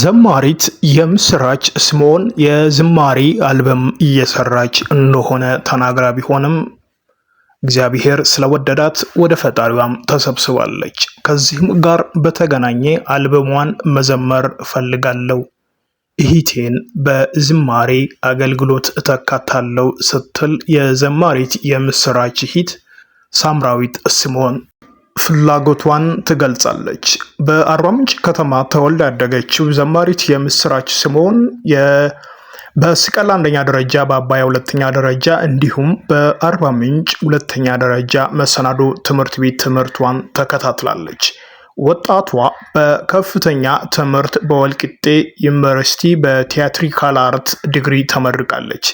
ዘማሪት የምስራች ስምኦን የዝማሬ አልበም እየሰራች እንደሆነ ተናግራ ቢሆንም እግዚአብሔር ስለወደዳት ወደ ፈጣሪዋም ተሰብስባለች። ከዚህም ጋር በተገናኘ አልበሟን መዘመር እፈልጋለሁ፣ እህቴን በዝማሬ አገልግሎት እተካታለሁ ስትል የዘማሪት የምስራች እህት ሳምራዊት ስምኦን ፍላጎቷን ትገልጻለች። በአርባ ምንጭ ከተማ ተወልዳ ያደገችው ዘማሪት የምስራች ስምኦን በስቀል አንደኛ ደረጃ በአባያ ሁለተኛ ደረጃ እንዲሁም በአርባ ምንጭ ሁለተኛ ደረጃ መሰናዶ ትምህርት ቤት ትምህርቷን ተከታትላለች። ወጣቷ በከፍተኛ ትምህርት በወልቂጤ ዩኒቨርሲቲ በቲያትሪካል አርት ዲግሪ ተመርቃለች።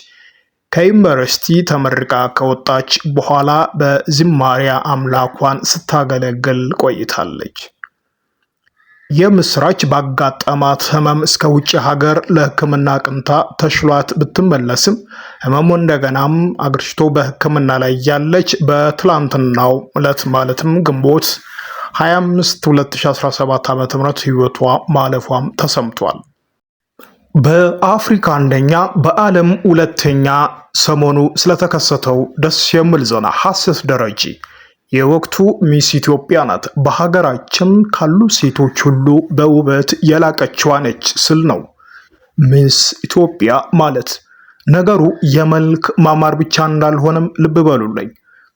ከዩኒቨርሲቲ ተመርቃ ከወጣች በኋላ በዝማሪያ አምላኳን ስታገለግል ቆይታለች። የምስራች ባጋጠማት ህመም እስከ ውጭ ሀገር ለህክምና ቅንታ ተሽሏት ብትመለስም ህመሙ እንደገናም አግርሽቶ በህክምና ላይ ያለች በትላንትናው ዕለት ማለትም ግንቦት 25 2017 ዓ ም ህይወቷ ማለፏም ተሰምቷል። በአፍሪካ አንደኛ በዓለም ሁለተኛ ሰሞኑ ስለተከሰተው ደስ የሚል ዜና ሀሴት ደረጀ የወቅቱ ሚስ ኢትዮጵያ ናት። በሀገራችን ካሉ ሴቶች ሁሉ በውበት የላቀችዋ ነች ስል ነው ሚስ ኢትዮጵያ ማለት። ነገሩ የመልክ ማማር ብቻ እንዳልሆነም ልብ በሉልኝ።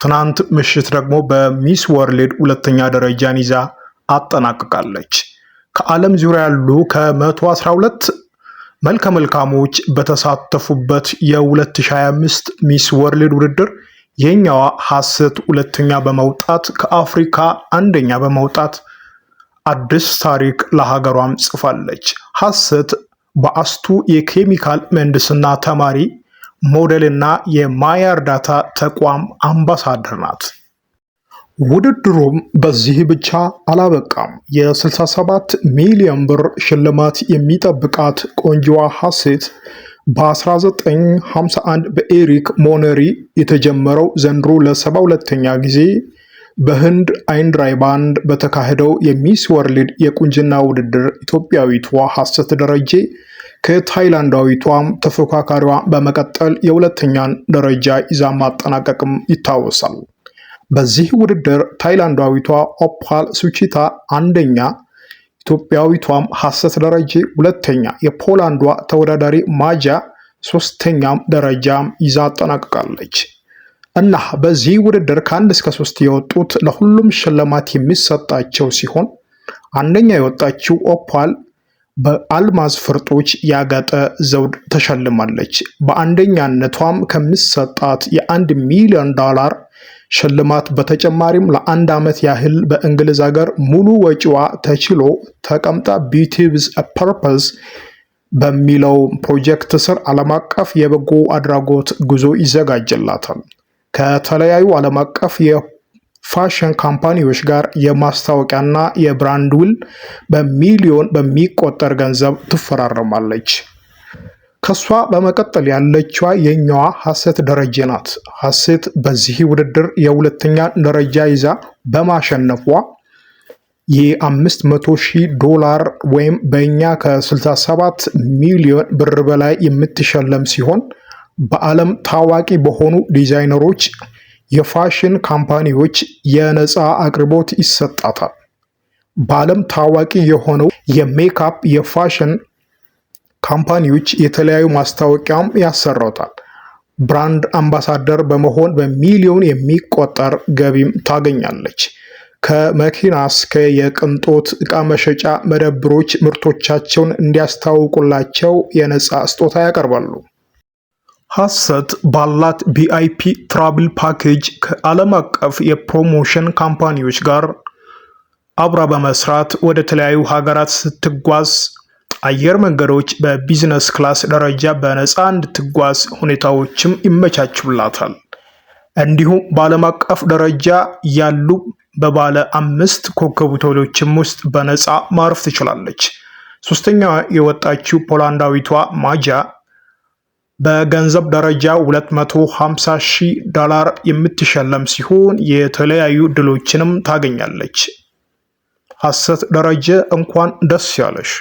ትናንት ምሽት ደግሞ በሚስ ወርልድ ሁለተኛ ደረጃን ይዛ አጠናቅቃለች። ከዓለም ዙሪያ ያሉ ከ112 መልከ መልካሞች በተሳተፉበት የ2025 ሚስ ወርልድ ውድድር የኛዋ ሀሰት ሁለተኛ በመውጣት ከአፍሪካ አንደኛ በመውጣት አዲስ ታሪክ ለሀገሯም ጽፋለች። ሀሰት በአስቱ የኬሚካል ምህንድስና ተማሪ ሞዴልና የማያ እርዳታ ተቋም አምባሳደር ናት። ውድድሩም በዚህ ብቻ አላበቃም። የ67 ሚሊዮን ብር ሽልማት የሚጠብቃት ቆንጆዋ ሀሴት በ1951 በኤሪክ ሞነሪ የተጀመረው ዘንድሮ ለ 72 ተኛ ጊዜ በህንድ አይንድራይ ባንድ በተካሄደው የሚስ ወርልድ የቁንጅና ውድድር ኢትዮጵያዊቷ ሀሴት ደረጄ ከታይላንዳዊቷም ተፎካካሪዋ በመቀጠል የሁለተኛን ደረጃ ይዛ ማጠናቀቅም ይታወሳል። በዚህ ውድድር ታይላንዳዊቷ ኦፓል ሱቺታ አንደኛ፣ ኢትዮጵያዊቷም ሀሰት ደረጀ ሁለተኛ፣ የፖላንዷ ተወዳዳሪ ማጃ ሶስተኛም ደረጃም ይዛ አጠናቅቃለች። እና በዚህ ውድድር ከአንድ እስከ ሶስት የወጡት ለሁሉም ሽልማት የሚሰጣቸው ሲሆን አንደኛ የወጣችው ኦፓል በአልማዝ ፍርጦች ያጌጠ ዘውድ ተሸልማለች። በአንደኛነቷም ከሚሰጣት የአንድ ሚሊዮን ዶላር ሽልማት በተጨማሪም ለአንድ ዓመት ያህል በእንግሊዝ ሀገር ሙሉ ወጪዋ ተችሎ ተቀምጣ ቢዩቲብዝ ፐርፐስ በሚለው ፕሮጀክት ስር ዓለም አቀፍ የበጎ አድራጎት ጉዞ ይዘጋጅላታል። ከተለያዩ ዓለም አቀፍ የፋሽን ካምፓኒዎች ጋር የማስታወቂያና የብራንድ ውል በሚሊዮን በሚቆጠር ገንዘብ ትፈራረማለች። ከሷ በመቀጠል ያለችዋ የኛዋ ሀሴት ደረጀ ናት። ሀሴት በዚህ ውድድር የሁለተኛ ደረጃ ይዛ በማሸነፏ የ500 ሺህ ዶላር ወይም በእኛ ከ67 ሚሊዮን ብር በላይ የምትሸለም ሲሆን በዓለም ታዋቂ በሆኑ ዲዛይነሮች፣ የፋሽን ካምፓኒዎች የነፃ አቅርቦት ይሰጣታል። በዓለም ታዋቂ የሆነው የሜካፕ የፋሽን ካምፓኒዎች የተለያዩ ማስታወቂያም ያሰራውታል። ብራንድ አምባሳደር በመሆን በሚሊዮን የሚቆጠር ገቢም ታገኛለች። ከመኪና እስከ የቅንጦት እቃ መሸጫ መደብሮች ምርቶቻቸውን እንዲያስታውቁላቸው የነፃ ስጦታ ያቀርባሉ። ሀሰት ባላት ቢአይፒ ትራቭል ፓኬጅ ከዓለም አቀፍ የፕሮሞሽን ካምፓኒዎች ጋር አብራ በመስራት ወደ ተለያዩ ሀገራት ስትጓዝ አየር መንገዶች በቢዝነስ ክላስ ደረጃ በነፃ እንድትጓዝ ሁኔታዎችም ይመቻችላታል። እንዲሁም በዓለም አቀፍ ደረጃ ያሉ በባለ አምስት ኮከብ ሆቴሎችም ውስጥ በነፃ ማረፍ ትችላለች። ሶስተኛ የወጣችው ፖላንዳዊቷ ማጃ በገንዘብ ደረጃ 250 ሺህ ዶላር የምትሸለም ሲሆን የተለያዩ ድሎችንም ታገኛለች። ሀሰት ደረጀ እንኳን ደስ ያለሽ።